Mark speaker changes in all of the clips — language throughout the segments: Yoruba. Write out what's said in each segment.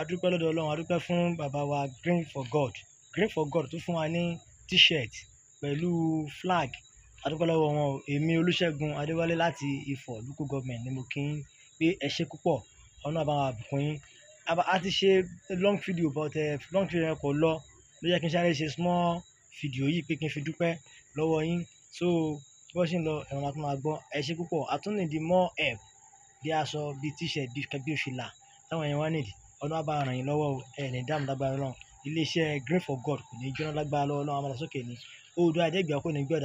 Speaker 1: adúpẹ́ lọ́dọ̀ ọlọ́run adúpẹ́ fún bàbá wa green for god green for god tó fún wa ní t-shirt pẹ̀lú flag adúpẹ́ lọ́wọ́ wọn èmi olúṣẹ́gun adéwálé láti ifọ̀ local government ni mo kí n pé ẹ ṣe púpọ̀ ọ̀nà àbáwọn àbùkún yín a ti ṣe long video but eh, long video yẹn kò lọ ló yẹ kí n sáré ṣe small video yìí pé kí n fi dúpẹ́ lọ́wọ́ yín so bí wọ́n ṣe ń lọ ẹ̀rọ máa tún máa gbọ́ ẹ ṣe púpọ̀ àtúndì di more help bí aṣọ bí t-shirt bí fìlà táwọn èèyàn wá nídìí Ọlọ́run á bá ràn yín lọ́wọ́ o, ẹ ní dààmú lágbára Ọlọ́run. Ilé Green for God kò ní jóná lágbára lọ́wọ́ Ọlọ́run, a ni. Oòduà jẹ́ ìgbà kó ní gbé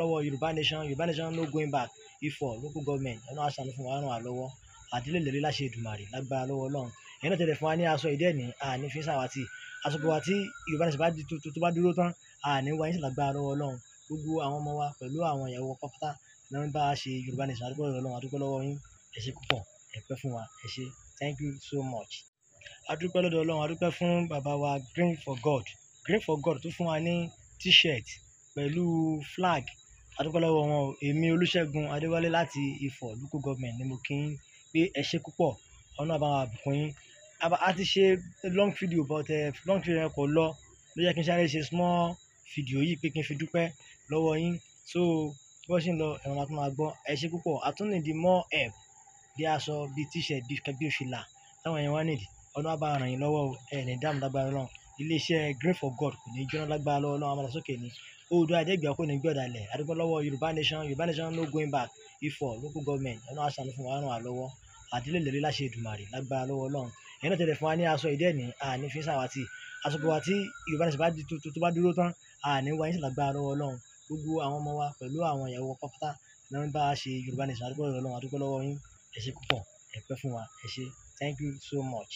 Speaker 1: lọ́wọ́ Yorùbá nation, Yorùbá nation no going back. Ifọ̀, local government, Ọlọ́run á fún wa, ràn wá lọ́wọ́. Àdílé ìlérí láṣẹ Èdùmàrè lágbára lọ́wọ́ Ọlọ́run. Ẹ̀yin náà tẹ̀lé fún wa ní aṣọ ìdí ẹ̀ní, a fi sáwà Aṣọ Ẹ ṣé fún wa, ẹ ṣé. Thank you so much adúpẹ́ lọ́dọ̀ ọlọ́run adúpẹ́ fún bàbá wa green for god green for god tó fún wa ní t-shirt pẹ̀lú flag adúpẹ́ lọ́wọ́ wọn èmi olúṣẹ́gun adéwálé láti ifọ̀ local government ni mo kí n pé ẹ ṣe púpọ̀ ọ̀nà àbáwọn àbùkún yín a ti ṣe long video but eh, long video yẹn kò lọ ló yẹ kí n sáré ṣe small video yìí pé kí n fi dúpẹ́ lọ́wọ́ yín so bí wọ́n ṣe ń lọ ẹ̀rọ máa tún máa gbọ́ ẹ ṣe púpọ̀ àtúndì di more help bí aṣọ bí t-shirt bí fìlà táwọn èèyàn wá nídìí Ọlọ́run á bá ràn yín lọ́wọ́ o, ẹ ní dààmú lágbára Ọlọ́run. Ilé Green for God kò ní jóná lágbára lọ́wọ́ Ọlọ́run á ni. Oòduà jẹ́ ìgbà ní gbé ọ̀dàlẹ̀. A lọ́wọ́ Yorùbá nation, Yorùbá nation no going back. Ifọ̀, local government, Ọlọ́run á fún wa, ràn wá lọ́wọ́. Àdílé ìlérí láṣẹ Èdùmàrè lágbára lọ́wọ́ Ọlọ́run. Ẹ̀yin náà tẹ̀lé fún wa ní aṣọ ìdẹ́ẹ̀nì, a ní fi sáwà tí. Aṣọ gbogbo tí Thank you so much.